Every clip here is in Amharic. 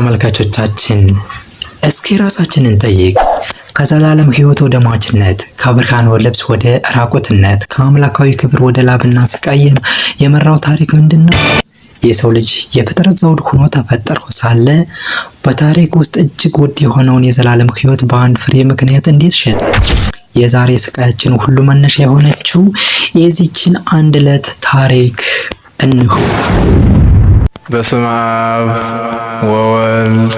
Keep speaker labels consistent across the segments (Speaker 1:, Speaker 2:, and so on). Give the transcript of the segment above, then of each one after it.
Speaker 1: ተመልካቾቻችን እስኪ ራሳችንን ጠይቅ። ከዘላለም ሕይወት ወደ ሟችነት፣ ከብርሃን ልብስ ወደ ራቁትነት፣ ከአምላካዊ ክብር ወደ ላብና ስቃይ የመራው ታሪክ ምንድን ነው? የሰው ልጅ የፍጥረት ዘውድ ሆኖ ተፈጠረው ሳለ በታሪክ ውስጥ እጅግ ውድ የሆነውን የዘላለም ሕይወት በአንድ ፍሬ ምክንያት እንዴት ሸጠ? የዛሬ ስቃያችን ሁሉ መነሻ የሆነችው የዚችን አንድ ዕለት ታሪክ እንሁ?
Speaker 2: በስመ አብ ወወልድ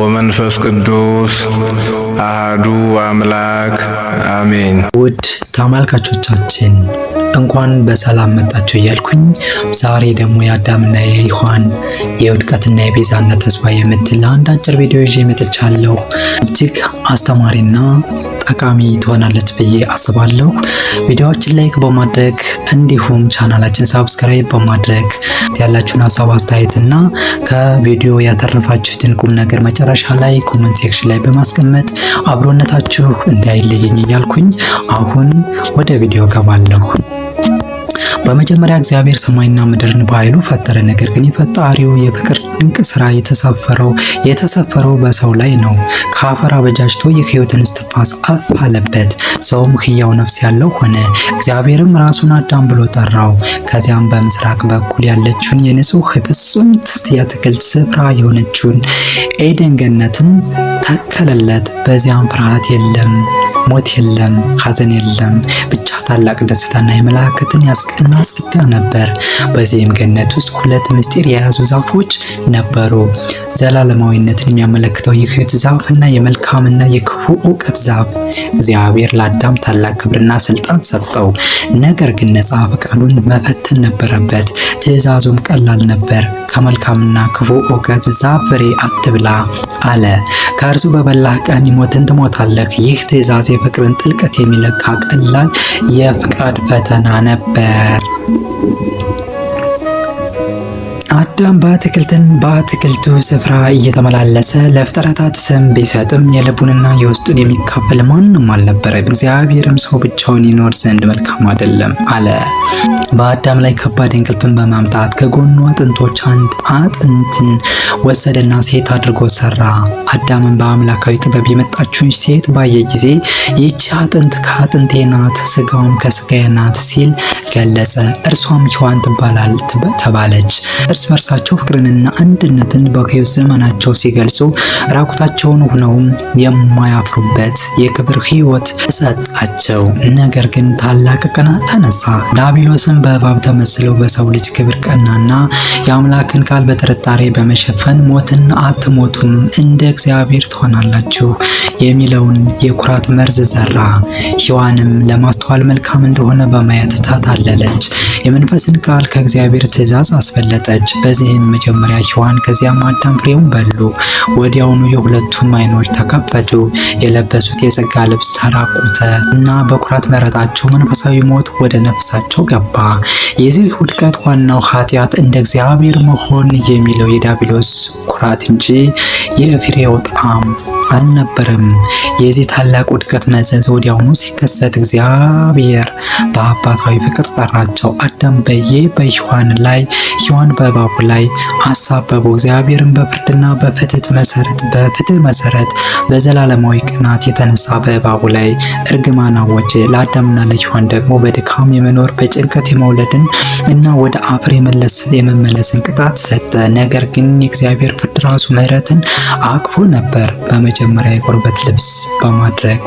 Speaker 2: ወመንፈስ ቅዱስ አህዱ አምላክ አሜን።
Speaker 1: ውድ ተመልካቾቻችን እንኳን በሰላም መጣችሁ እያልኩኝ ዛሬ ደግሞ የአዳምና የሔዋን የውድቀትና የቤዛነት ተስፋ የምትል አንድ አጭር ቪዲዮ ይዤ መጥቻለሁ። እጅግ አስተማሪና ጠቃሚ ትሆናለች ብዬ አስባለሁ። ቪዲዮዎችን ላይክ በማድረግ እንዲሁም ቻናላችን ሳብስክራይብ በማድረግ ያላችሁን ሀሳብ አስተያየትና ከቪዲዮ ያተረፋችሁትን ቁም ነገር መጨረሻ ላይ ኮመንት ሴክሽን ላይ በማስቀመጥ አብሮነታችሁ እንዳይለየኝ እያልኩኝ አሁን ወደ ቪዲዮ ገባለሁ። በመጀመሪያ እግዚአብሔር ሰማይና ምድርን በኃይሉ ፈጠረ። ነገር ግን የፈጣሪው የፍቅር ድንቅ ስራ የተሰፈረው የተሰፈረው በሰው ላይ ነው። ከአፈር አበጃጅቶ የህይወትን እስትንፋስ አፋለበት። ሰውም ህያው ነፍስ ያለው ሆነ። እግዚአብሔርም ራሱን አዳም ብሎ ጠራው። ከዚያም በምስራቅ በኩል ያለችውን የንጹህ ፍጹም የአትክልት ስፍራ የሆነችውን ኤደን ገነትን ተከለለት። በዚያም ፍርሃት የለም። ሞት የለም፣ ሐዘን የለም፣ ብቻ ታላቅ ደስታና የመላእክትን ያስቀና ጸጥታ ነበር። በዚህም ገነት ውስጥ ሁለት ምስጢር የያዙ ዛፎች ነበሩ። ዘላለማዊነትን የሚያመለክተው የሕይወት ዛፍ እና የመልካምና የክፉ እውቀት ዛፍ። እግዚአብሔር ለአዳም ታላቅ ክብርና ስልጣን ሰጠው። ነገር ግን ነጻ ፈቃዱን መፈተን ነበረበት። ትእዛዙም ቀላል ነበር። ከመልካምና ክፉ እውቀት ዛፍ ፍሬ አትብላ አለ። ከእርሱ በበላህ ቀን ሞትን ትሞታለህ። ይህ ትእዛዝ የፍቅርን ጥልቀት የሚለካ ቀላል የፍቃድ ፈተና ነበር። አዳም በአትክልትን በአትክልቱ ስፍራ እየተመላለሰ ለፍጥረታት ስም ቢሰጥም የልቡንና የውስጡን የሚካፈል ማንም አልነበረም። እግዚአብሔርም ሰው ብቻውን ይኖር ዘንድ መልካም አይደለም አለ። በአዳም ላይ ከባድ እንቅልፍን በማምጣት ከጎኑ አጥንቶች አንድ አጥንትን ወሰደና ሴት አድርጎ ሰራ። አዳምን በአምላካዊ ጥበብ የመጣችውን ሴት ባየ ጊዜ ይቺ አጥንት ከአጥንቴ ናት፣ ስጋውም ከስጋዬ ናት ሲል ገለጸ። እርሷም ሔዋን ትባላል ተባለች። እርስ በርስ እሳቸው ፍቅርንና አንድነትን በክህይወት ዘመናቸው ሲገልጹ ራቁታቸውን ሆነውም የማያፍሩበት የክብር ህይወት ሰጣቸው። ነገር ግን ታላቅ ቀና ተነሳ። ዳቢሎስን በእባብ ተመስለው በሰው ልጅ ክብር ቀናና የአምላክን ቃል በጥርጣሬ በመሸፈን ሞትን አትሞቱም፣ እንደ እግዚአብሔር ትሆናላችሁ የሚለውን የኩራት መርዝ ዘራ። ሔዋንም ለማስተዋል መልካም እንደሆነ በማየት ታታለለች። የመንፈስን ቃል ከእግዚአብሔር ትእዛዝ አስፈለጠች። ስለዚህም መጀመሪያ ሔዋን ከዚያም አዳም ፍሬውን በሉ። ወዲያውኑ የሁለቱም አይኖች ተከፈቱ። የለበሱት የጸጋ ልብስ ተራቆተ እና በኩራት መረጣቸው መንፈሳዊ ሞት ወደ ነፍሳቸው ገባ። የዚህ ውድቀት ዋናው ኃጢአት እንደ እግዚአብሔር መሆን የሚለው የዲያብሎስ ኩራት እንጂ የፍሬው ጣዕም አልነበረም። የዚህ ታላቅ ውድቀት መዘዝ ወዲያውኑ ሲከሰት እግዚአብሔር በአባታዊ ፍቅር ጠራቸው። አዳም በየ በሔዋን ላይ፣ ሔዋን በእባቡ ላይ አሳበቡ። እግዚአብሔርን በፍርድና በፍትህ መሰረት በፍትህ መሰረት በዘላለማዊ ቅናት የተነሳ በእባቡ ላይ እርግማን አወጀ። ለአዳምና ለሔዋን ደግሞ በድካም የመኖር በጭንቀት የመውለድን እና ወደ አፈር የመመለስን ቅጣት ሰጠ። ነገር ግን የእግዚአብሔር ፍርድ ራሱ ምህረትን አቅፎ ነበር። የመጀመሪያ የቁርበት ልብስ በማድረግ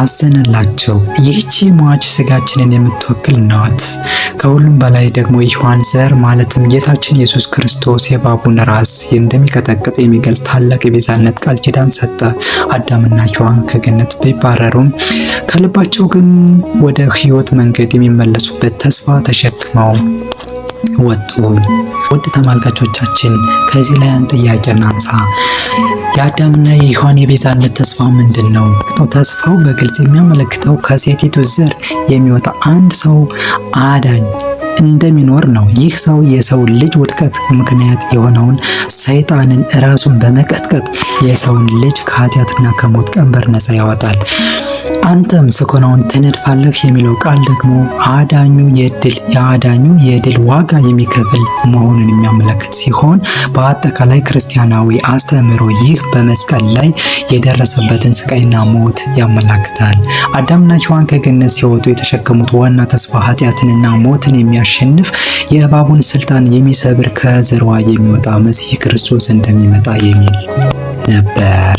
Speaker 1: አዘንላቸው። ይህቺ ሟች ስጋችንን የምትወክል ናት። ከሁሉም በላይ ደግሞ ይህዋን ዘር ማለትም ጌታችን ኢየሱስ ክርስቶስ የባቡን ራስ እንደሚቀጠቅጥ የሚገልጽ ታላቅ የቤዛነት ቃል ኪዳን ሰጠ። አዳምና ሔዋን ከገነት ቢባረሩም ከልባቸው ግን ወደ ሕይወት መንገድ የሚመለሱበት ተስፋ ተሸክመው ወጡ። ውድ ተመልካቾቻችን ከዚህ ላይ አንድ ጥያቄ እናንሳ። የአዳምና የሔዋን የቤዛነት ተስፋው ምንድን ነው? ተስፋው በግልጽ የሚያመለክተው ከሴቲቱ ዘር የሚወጣ አንድ ሰው አዳኝ እንደሚኖር ነው። ይህ ሰው የሰው ልጅ ውድቀት ምክንያት የሆነውን ሰይጣንን ራሱን በመቀጥቀጥ የሰውን ልጅ ከኃጢአትና ከሞት ቀንበር ነፃ ያወጣል። አንተም ምስጋናውን ትነድፋለህ የሚለው ቃል ደግሞ አዳኙ የድል የአዳኙ የድል ዋጋ የሚከፍል መሆኑን የሚያመለክት ሲሆን በአጠቃላይ ክርስቲያናዊ አስተምህሮ ይህ በመስቀል ላይ የደረሰበትን ስቃይና ሞት ያመላክታል። አዳምና ሔዋን ከገነት ሲወጡ የተሸከሙት ዋና ተስፋ ኃጢአትንና ሞትን የሚያሸንፍ የእባቡን ስልጣን የሚሰብር ከዘርዋ የሚወጣ መሲህ ክርስቶስ እንደሚመጣ የሚል ነበር።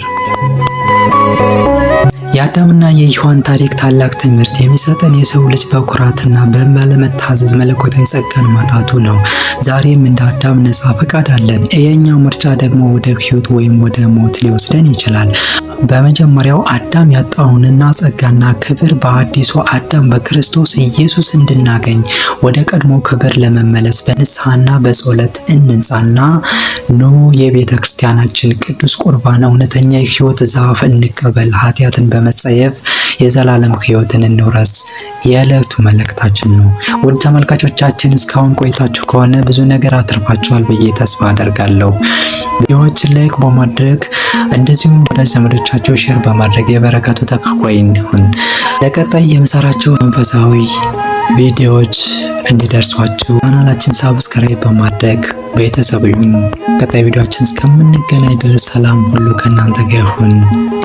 Speaker 1: የአዳምና የሔዋን ታሪክ ታላቅ ትምህርት የሚሰጠን የሰው ልጅ በኩራትና በመለመታዘዝ መለኮታዊ ጸጋን ማጣቱ ነው። ዛሬም እንደ አዳም ነፃ ፈቃድ አለን። የኛው ምርጫ ደግሞ ወደ ህይወት ወይም ወደ ሞት ሊወስደን ይችላል። በመጀመሪያው አዳም ያጣውንና ጸጋና ክብር በአዲሱ አዳም በክርስቶስ ኢየሱስ እንድናገኝ ወደ ቀድሞ ክብር ለመመለስ በንስሐና በጸሎት እንንጻና ኖ የቤተ ክርስቲያናችን ቅዱስ ቁርባን እውነተኛ የሕይወት ዛፍ እንቀበል ኃጢአትን በመ በመጸየፍ የዘላለም ህይወትን እንውረስ የዕለቱ መልእክታችን ነው። ውድ ተመልካቾቻችን እስካሁን ቆይታችሁ ከሆነ ብዙ ነገር አትርፋችኋል ብዬ ተስፋ አደርጋለሁ። ቪዲዮዎችን ላይክ በማድረግ እንደዚሁም ወዳጅ ዘመዶቻቸው ሼር በማድረግ የበረከቱ ተካፋይ እንዲሆን ለቀጣይ የምሰራቸው መንፈሳዊ ቪዲዮዎች እንዲደርሷችሁ ቻናላችን ሳብስክራይብ በማድረግ ቤተሰብ ይሁኑ። ቀጣይ ቪዲዮችን እስከምንገናኝ ድረስ ሰላም ሁሉ ከእናንተ ጋር ይሁን።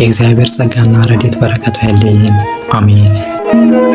Speaker 1: የእግዚአብሔር ጸጋና ረድኤት በረከቱ አይለየን። አሜን።